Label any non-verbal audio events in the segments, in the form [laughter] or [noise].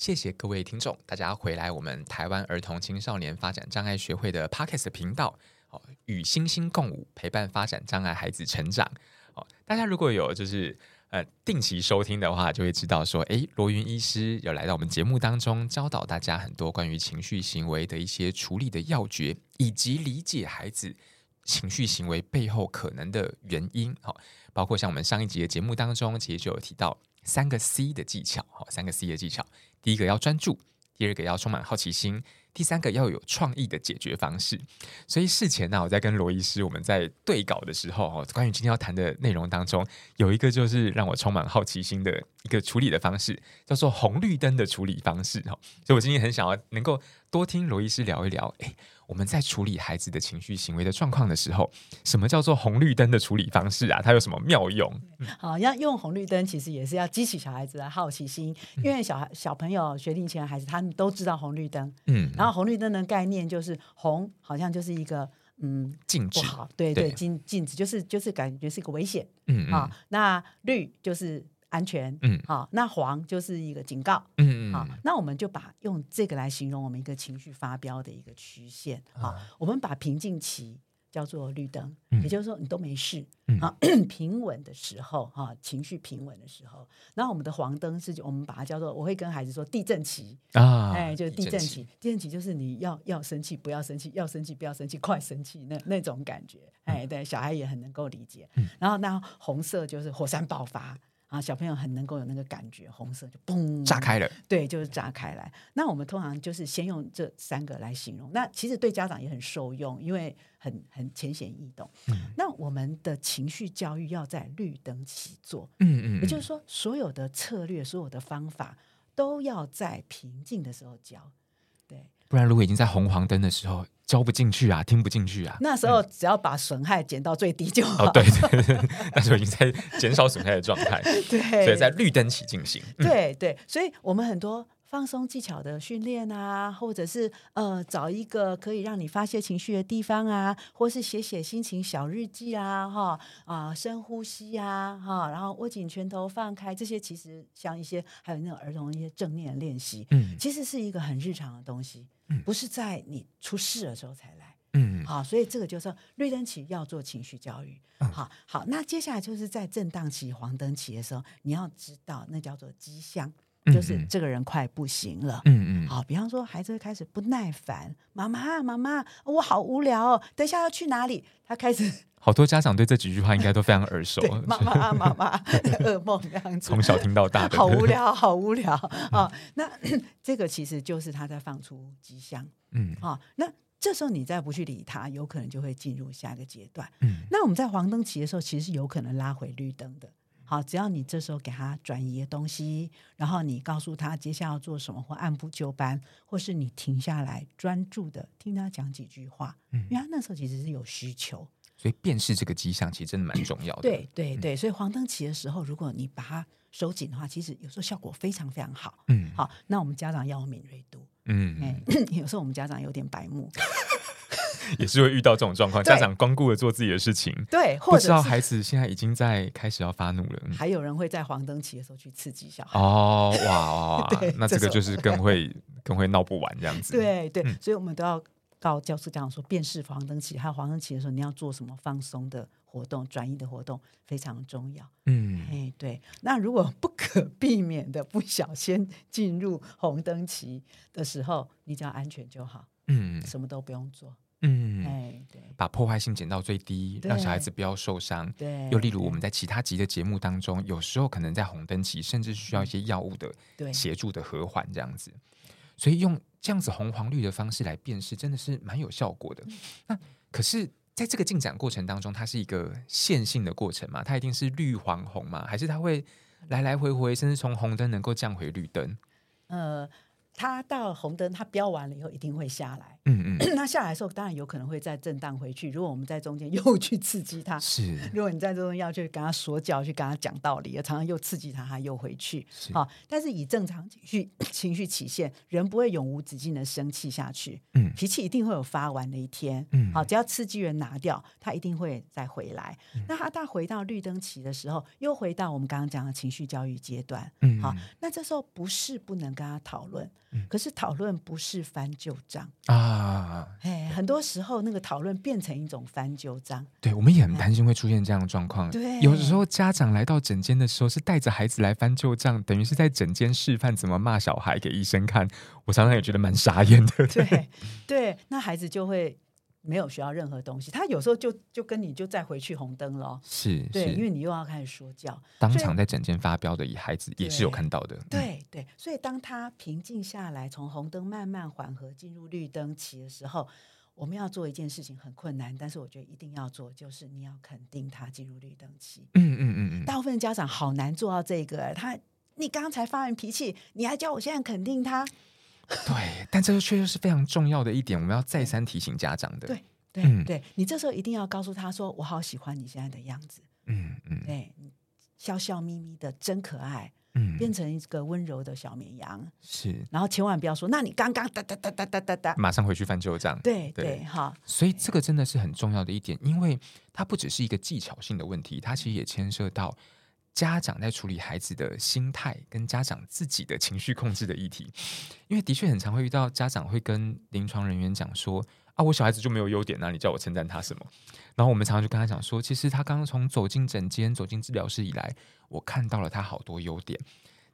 謝謝各位聽眾，大家回來我們台灣兒童青少年發展障礙學會的 Podcast 頻道，與星星共舞，陪伴發展障礙孩子成長。大家如果有就是呃定期收聽的話，就會知道說，誒，羅筠醫師有來到我們節目當中，教導大家很多關於情緒行為的一些處理的要訣，以及理解孩子情緒行為背後可能的原因。好，包括像我們上一集的節目當中，其實就有提到。三個 C 的技巧，哈，三個 C 的技巧，第一個要專注，第二個要充滿好奇心，第三個要有創意的解決方式。所以事前呢，啊，我在跟羅醫師我們在對稿的時候，哈，關於今天要談的內容當中，有一個就是讓我充滿好奇心的一個處理的方式，叫做紅綠燈的處理方式，哈。所以我今天很想要能夠。多聽羅醫師聊一聊誒，我們在處理孩子的情緒行為的狀況的時候，什麼叫做紅綠燈的處理方式啊？它有什麼妙用？嗯、好，要用紅綠燈，其實也是要激起小孩子的、啊、好奇心，因為小孩小朋友、學齡前的孩子，他們都知道紅綠燈。嗯，然後紅綠燈的概念就是紅，好像就是一個嗯禁止，對對禁對禁止，就是就是感覺是一個危險。嗯啊、嗯哦，那綠就是。安全，嗯，好、哦，那黃就是一個警告，嗯好、哦，那我們就把用這個來形容我們一個情緒發飆的一個曲線，哈、嗯哦，我們把平靜期叫做綠燈，嗯、也就是說你都沒事，嗯啊、 [coughs] 平穩的時候，哈、哦，情緒平穩的時候，然後我們的黃燈是，我們把它叫做，我會跟孩子說地震期，啊，哎、就是地震期，地震期，地震期就是你要要生氣，不要生氣，要生氣不要生氣，快生氣，那那種感覺，嗯、哎，對，小孩也很能夠理解，嗯、然後那紅色就是火山爆發。啊，小朋友很能夠有那個感覺，紅色就嘣炸開了，對，就是炸開來。那我們通常就是先用這三個來形容。那其實對家長也很受用，因為很很淺顯易懂。嗯、那我們的情緒教育要在綠燈起做，嗯，嗯嗯，也就是說所有的策略、所有的方法都要在平靜的時候教，對。不然，如果已經在紅黃燈的時候。教不進去啊，聽不進去啊。那時候只要把損害減到最低就好，嗯哦。對對對，那時候已經在減少損害的狀態。 [laughs] 對，所以在綠燈起進行。嗯、對對，所以我們很多。放鬆技巧的訓練啊，或者是呃找一個可以讓你發洩情緒的地方啊，或是寫寫心情小日記啊，哈、哦、啊、呃、深呼吸啊，哈、哦、然後握緊拳頭放開，這些其實像一些還有那種兒童一些正念的練習，嗯、其實是一個很日常的東西，嗯、不是在你出事的時候才來，嗯好、哦，所以這個就是說綠燈期要做情緒教育，好、啊哦，好，那接下來就是在震盪期黃燈期的時候，你要知道那叫做跡象。.嗯嗯，就是這個人快不行了，嗯嗯，好，比方說孩子開始不耐煩，媽媽媽媽，我好無聊哦，等一下要去哪裡？他開始好多家長對這幾句話應該都非常耳熟，媽媽媽媽的噩夢這樣子，從小聽到大的好，好無聊好無聊啊。那這個其實就是他在放出跡象。嗯，好、哦，那這時候你再不去理他，有可能就會進入下一個階段。嗯，那我們在黃燈期的時候，其實是有可能拉回綠燈的。好，只要你這時候給他轉移東西，然後你告訴他接下來要做什麼，或按部就班，或是你停下來專注地聽他講幾句話，嗯、因為他那時候其實是有需求，所以辨識這個跡象其實真的蠻重要的。嗯、對對對，所以黃燈期的時候，如果你把它收緊的話，其實有時候效果非常非常好。嗯，好，那我們家長要有敏銳度。嗯，哎、嗯 [laughs] 有時候我們家長有點白目。 [laughs] 也是會遇到這種狀況， [laughs] 對家長光顧着做自己的事情，對，或者知道孩子現在已經在開始要發怒了。還有人會在黃燈期的時候去刺激小孩。哦，哇， [laughs] 對那這個就是更會 [laughs] 更會鬧不完這樣子。對對，對嗯、所以我們都要告教室講說，辨識黃燈期還有黃燈期的時候，你要做什麼放鬆的活動、轉移的活動非常重要。嗯，哎，對，那如果不可避免的不小心進入紅燈期的時候，你只要安全就好。嗯，什麼都不用做。嗯，hey, 對，把破壞性減到最低，對讓小孩子不要受傷。對，又例如我們在其他集的節目當中，對有時候可能在紅燈期，甚至需要一些藥物的協助的和緩這樣子。對所以用這樣子紅黃綠的方式來辨識，真的是蠻有效果的。嗯，那可是在這個進展過程當中，它是一個線性的過程嘛？它一定是綠黃紅嘛？還是它會來來回回，甚至從紅燈能夠降回綠燈？呃。他到了紅燈，他飆完了以後一定會下來。嗯嗯。 [coughs] 那下來的時候，當然有可能會再震盪回去。如果我們在中間又去刺激他，是。如果你在中間要去跟他說教，去跟他講道理，常常又刺激他，他又回去。好是、哦，但是以正常情緒情緒曲線，人不會永無止境的生氣下去。嗯。脾氣一定會有發完的一天。嗯。好、哦，只要刺激源拿掉，他一定會再回來。嗯、那他大回到綠燈期的時候，又回到我們剛剛講的情緒教育階段。嗯，嗯。好、哦，那這時候不是不能跟他討論。嗯、可是討論不是翻舊賬啊！哎、欸，對，很多時候那個討論變成一種翻舊賬，對，我們也很擔心會出現這樣的狀況，嗯。對，有時候家長來到診間的時候是帶着孩子來翻舊賬，等於是在診間示範怎麼罵小孩給醫生看。我常常也覺得蠻傻眼的。對，對，那孩子就會。沒有學到任何東西，他有時候就就跟你就再回去紅燈咯是對，是因為你又要開始說教，當場在診間發飆的以孩子也是有看到的，對、嗯、對，對，所以當他平靜下來，從紅燈慢慢緩和進入綠燈期的時候，我們要做一件事情很困難，但是我覺得一定要做，就是你要肯定他進入綠燈期。嗯嗯嗯，嗯嗯大部分的家長好難做到這個，他你剛才發完脾氣，你還叫我現在肯定他。 [laughs] 對，但這個確實是非常重要的一點，我們要再三提醒家長的。對，對，嗯、對，你這時候一定要告訴他說：“我好喜歡你現在的樣子。嗯”嗯嗯，對，笑笑眯眯的真可愛。嗯，變成一個溫柔的小綿羊。是，然後千萬不要說：“那你剛剛噠噠噠噠噠噠噠，馬上回去翻舊賬。”對對，對哈。所以這個真的是很重要的一點，因為它不只是一個技巧性的問題，它其實也牽涉到，家長在處理孩子的心態跟家長自己的情緒控制的議題，因為的確很常會遇到家長會跟臨床人員講說啊，我小孩子就沒有優點啊，那你叫我稱讚他什麼？然後我們常常就跟他講說，其實他剛剛從走進診間，走進治療室以來，我看到了他好多優點。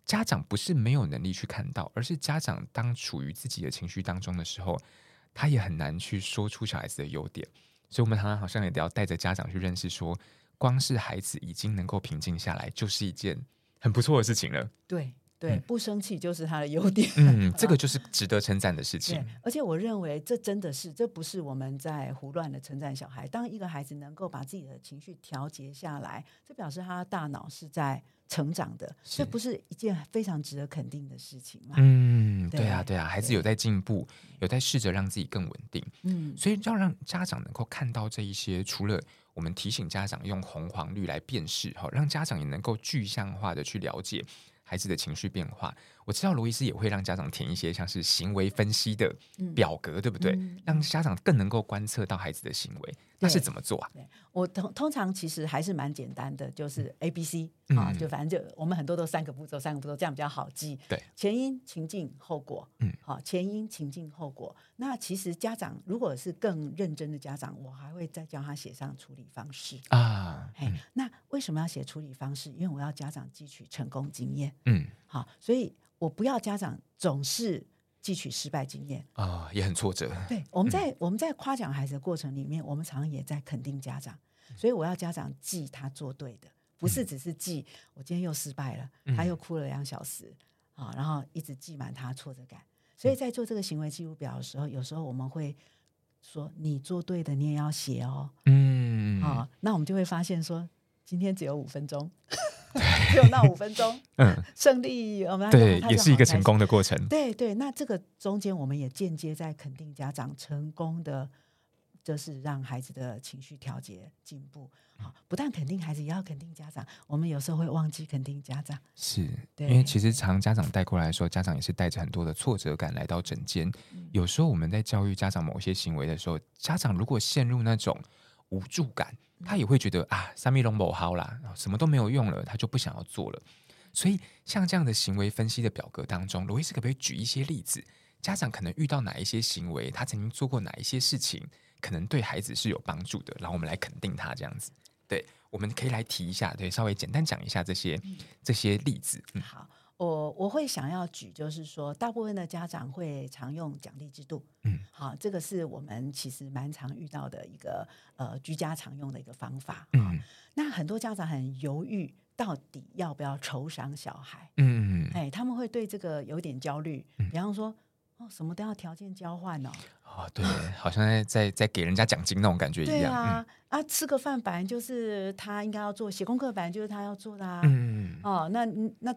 家長不是沒有能力去看到，而是家長當處於自己的情緒當中的時候，他也很難去說出小孩子的優點。所以我們常常好像也得要帶着家長去認識說。光是孩子已經能夠平靜下來，就是一件很不錯的事情了。對對，對。嗯、不生氣就是他的優點。嗯， [laughs] 吧這個就是值得稱讚的事情。而且我認為這真的是，這不是我們在胡亂的稱讚小孩。當一個孩子能夠把自己的情緒調節下來，這表示他的大腦是在成長的，這不是一件非常值得肯定的事情嗎？嗯，對啊，對啊，孩子有在進步，對有在試着讓自己更穩定。嗯，所以要讓家長能夠看到這一些，除了我們提醒家長用紅黃綠來辨識哈、哦，讓家長也能夠具象化的去了解孩子的情緒變化。我知道羅醫師也會讓家長填一些像是行為分析的表格，嗯、對不對？讓家長更能夠觀測到孩子的行為。那對是怎麼做啊？我通通常其實還是蠻簡單的，就是 A、B、C 啊，嗯，就反正就我們很多都三個步驟，三個步驟這樣比較好記。對，前因、情境、後果，嗯，好，前因、情境、後果。那其實家長如果是更認真的家長，我還會再教他寫上處理方式啊。嘿嗯，那為什麼要寫處理方式？因為我要家長汲取成功經驗，嗯，好，所以我不要家長總是。汲取失敗經驗啊、哦，也很挫折。對，我們在、嗯、我們在誇獎孩子的過程裡面，我們常常也在肯定家長，所以我要家長記他做對的，不是只是記、嗯、我今天又失敗了，他又哭了兩小時啊、嗯哦，然後一直記滿他挫折感。所以在做這個行為記錄表的時候，有時候我們會說：“你做對的，你也要寫哦。”嗯，啊、哦，那我們就會發現說，今天只有五分鐘。 [laughs] [laughs] 六到五分鐘， [laughs] 嗯，勝利我們要對，也是一個成功的過程。對對，那這個中間我們也間接在肯定家長成功的，就是讓孩子的情緒調節進步。好、嗯，不但肯定孩子，也要肯定家長。我們有時候會忘記肯定家長，是對因為其實常家長帶過來的時候，家長也是帶着很多的挫折感來到診間。嗯，有時候我們在教育家長某些行為的時候，家長如果陷入那種。無助感，他也會覺得啊，三米龍不好啦，什麼都沒有用了，他就不想要做了。所以像這樣的行為分析的表格當中，羅醫師可不可以舉一些例子？家長可能遇到哪一些行為，他曾經做過哪一些事情，可能對孩子是有幫助的，然後我們來肯定他這樣子。對，我們可以來提一下，對，稍微簡單講一下這些這些例子。嗯。好。我我會想要舉，就是說，大部分的家長會常用獎勵制度，嗯，好、啊，這個是我們其實蠻常遇到的一個呃，居家常用的一個方法，啊、嗯，那很多家長很猶豫，到底要不要酬賞小孩，嗯哎，他們會對這個有點焦慮，嗯、比方說，哦，什麼都要條件交換哦。哦對，好像在在，在給人家獎金那種感覺一樣，對啊，嗯、啊，吃個飯反正就是他應該要做，寫功課反正就是他要做的啊，嗯嗯，哦、啊，那那。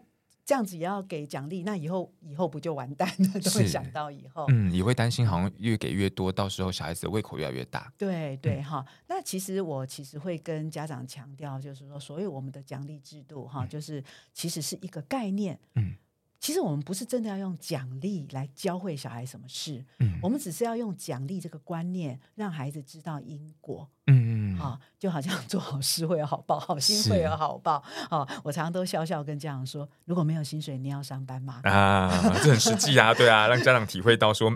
這樣子也要給獎勵，那以後以後不就完蛋了？是都會想到以後，嗯，也會擔心，好像越給越多，到時候小孩子的胃口越來越大。對對，哈、嗯。那其實我其實會跟家長強調，就是說，所謂我們的獎勵制度，哈，就是其實是一個概念。嗯，其實我們不是真的要用獎勵來教會小孩什麼事，嗯，我們只是要用獎勵這個觀念，讓孩子知道因果。嗯。啊、哦，就好像做好事會有好報，好心會有好報。好是、哦，我常常都笑笑跟家長說，如果沒有薪水，你要上班嗎？啊，這很實際啊， [laughs] 對啊，讓家長體會到說，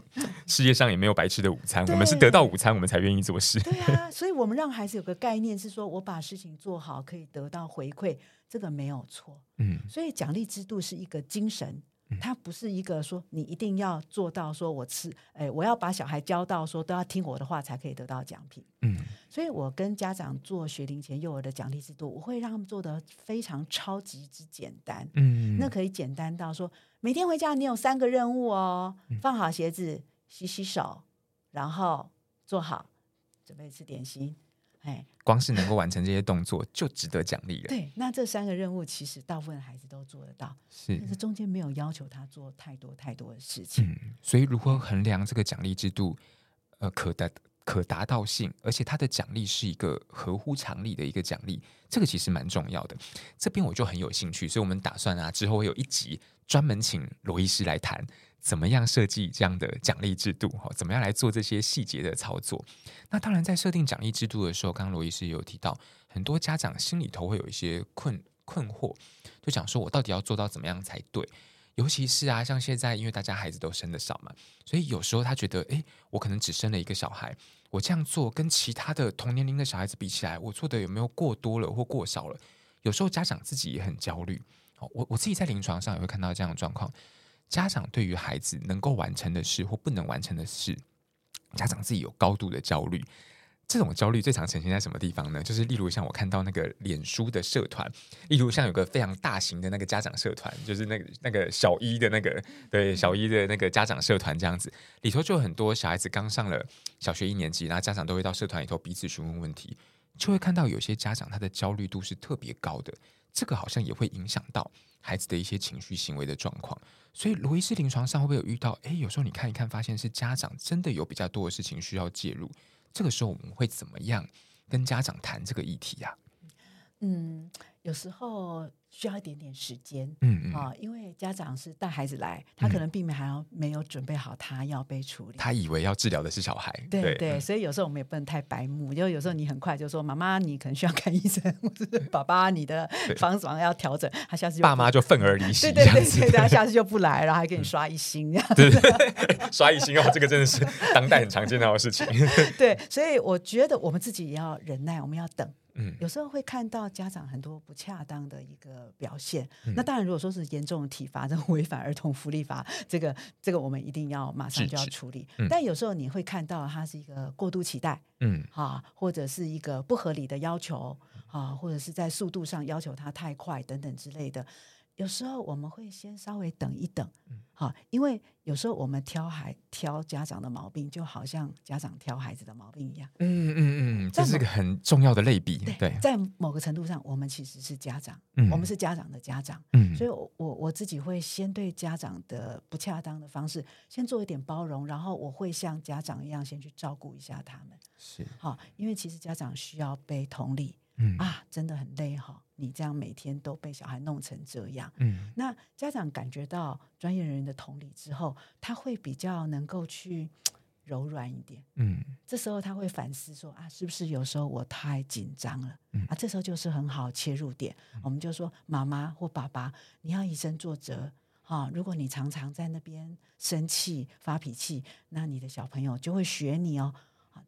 世界上也沒有白吃的午餐，對我們是得到午餐，我們才願意做事。對啊，所以我們讓孩子有個概念是說，我把事情做好可以得到回饋，這個沒有錯。嗯，所以獎勵制度是一個精神。他不是一個說你一定要做到，說我吃，哎，我要把小孩教到說都要聽我的話才可以得到獎品。嗯，所以我跟家長做學齡前幼兒的獎勵制度，我會讓他們做得非常超級之簡單。嗯，那可以簡單到說，每天回家你有三個任務哦：放好鞋子、洗洗手，然後做好，準備吃點心。哎，光是能夠完成這些動作就值得獎勵了。 [laughs] 對，那這三個任務其實大部分孩子都做得到，是，但是中間沒有要求他做太多太多的事情。嗯，所以如何衡量這個獎勵制度，呃，可達可達到性，而且它的獎勵是一個合乎常理的一個獎勵，這個其實蠻重要的。這邊我就很有興趣，所以我們打算啊，之後會有一集專門請羅醫師來談。怎麼樣設計這樣的獎勵制度？怎麼樣來做這些細節的操作？那當然，在設定獎勵制度的時候，剛剛羅醫師也有提到，很多家長心裡頭會有一些困困惑，就講說：“我到底要做到怎麼樣才對？”尤其是啊，像現在因為大家孩子都生得少嘛，所以有時候他覺得：“誒，我可能只生了一個小孩，我這樣做跟其他的同年齡的小孩子比起來，我做的有沒有過多了或過少了？”有時候家長自己也很焦慮。哦，我我自己在臨床上也會看到這樣的狀況。家長對於孩子能夠完成的事或不能完成的事，家長自己有高度的焦慮。這種焦慮最常呈現在什麼地方呢？就是例如像我看到那個臉書的社團，例如像有個非常大型的那個家長社團，就是那個、那個小一的那個對小一的那個家長社團這樣子，裡頭就有很多小孩子剛上了小學一年級，然後家長都會到社團裡頭彼此詢問問題，就會看到有些家長他的焦慮度是特別高的。這個好像也會影響到孩子的一些情緒行為的狀況，所以羅醫師臨床上會不會有遇到？誒，有時候你看一看，發現是家長真的有比較多的事情需要介入，這個時候我們會怎麼樣跟家長談這個議題呀、啊？嗯，有時候需要一點點時間，嗯嗯，啊，因為家長是帶孩子來，他可能並沒有沒有準備好，他要被處理，他以為要治療的是小孩，對對，所以有時候我們也不能太白目，就有時候你很快就說媽媽，你可能需要看醫生，或者是爸爸，你的房子要調整，他下次爸媽就憤而離席，對對對，他下次就不來，然後還給你刷一星，對對，刷一星哦，這個真的是當代很常見到的事情。對，所以我覺得我們自己也要忍耐，我們要等。嗯、有時候會看到家長很多不恰當的一個表現。嗯、那當然，如果說是嚴重的體罰，這違反兒童福利法，這個這個我們一定要馬上就要處理。嗯、但有時候你會看到他是一個過度期待，嗯啊，或者是一個不合理的要求啊，或者是在速度上要求他太快等等之類的。有時候我們會先稍微等一等，因為有時候我們挑孩挑家長的毛病，就好像家長挑孩子的毛病一樣。嗯嗯嗯，這是個很重要的類比。對，對，在某個程度上，我們其實是家長，我們是家長的家長。嗯，所以我，我我自己會先對家長的不恰當的方式，先做一點包容，然後我會像家長一樣，先去照顧一下他們。是，因為其實家長需要被同理。嗯啊，真的很累哈、哦！你這樣每天都被小孩弄成這樣，嗯，那家長感覺到專業人員的同理之後，他會比較能夠去柔軟一點，嗯，這時候他會反思說啊，是不是有時候我太緊張了？嗯、啊，這時候就是很好切入點。嗯、我們就說，媽媽或爸爸，你要以身作則啊、哦！如果你常常在那邊生氣發脾氣，那你的小朋友就會學你哦。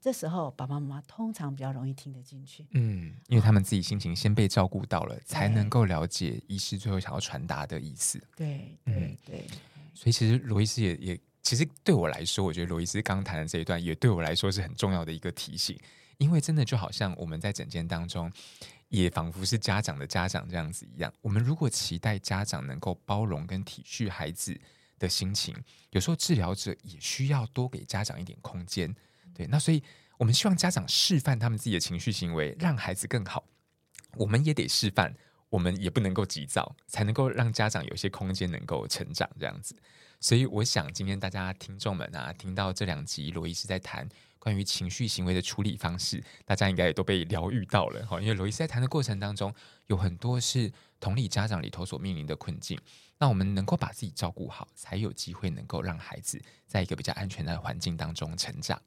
這時候，爸爸媽媽通常比較容易聽得進去。嗯，因為他們自己心情先被照顧到了，哦、才能夠了解醫師最後想要傳達的意思。對，嗯，對。對嗯、所以，其實羅醫師也也，其實對我來說，我覺得羅醫師剛談的這一段，也對我來說是很重要的一個提醒。因為真的就好像我們在診間當中，也仿佛是家長的家長這樣子一樣。我們如果期待家長能夠包容跟體恤孩子的心情，有時候治療者也需要多給家長一點空間。對，那所以我們希望家長示範他們自己的情緒行為，讓孩子更好。我們也得示範，我們也不能夠急躁，才能夠讓家長有些空間能夠成長。這樣子，所以我想今天大家聽眾們啊，聽到這兩集羅醫師在談。關於情緒行為的處理方式，大家應該也都被療癒到了。因為羅醫師在談的過程當中，有很多是同理家長裡頭所面臨的困境。那我們能夠把自己照顧好，才有機會能夠讓孩子在一個比較安全的環境當中成長。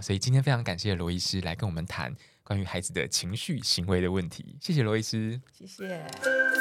所以今天非常感謝羅醫師來跟我們談關於孩子的情緒行為的問題。謝謝羅醫師，謝謝。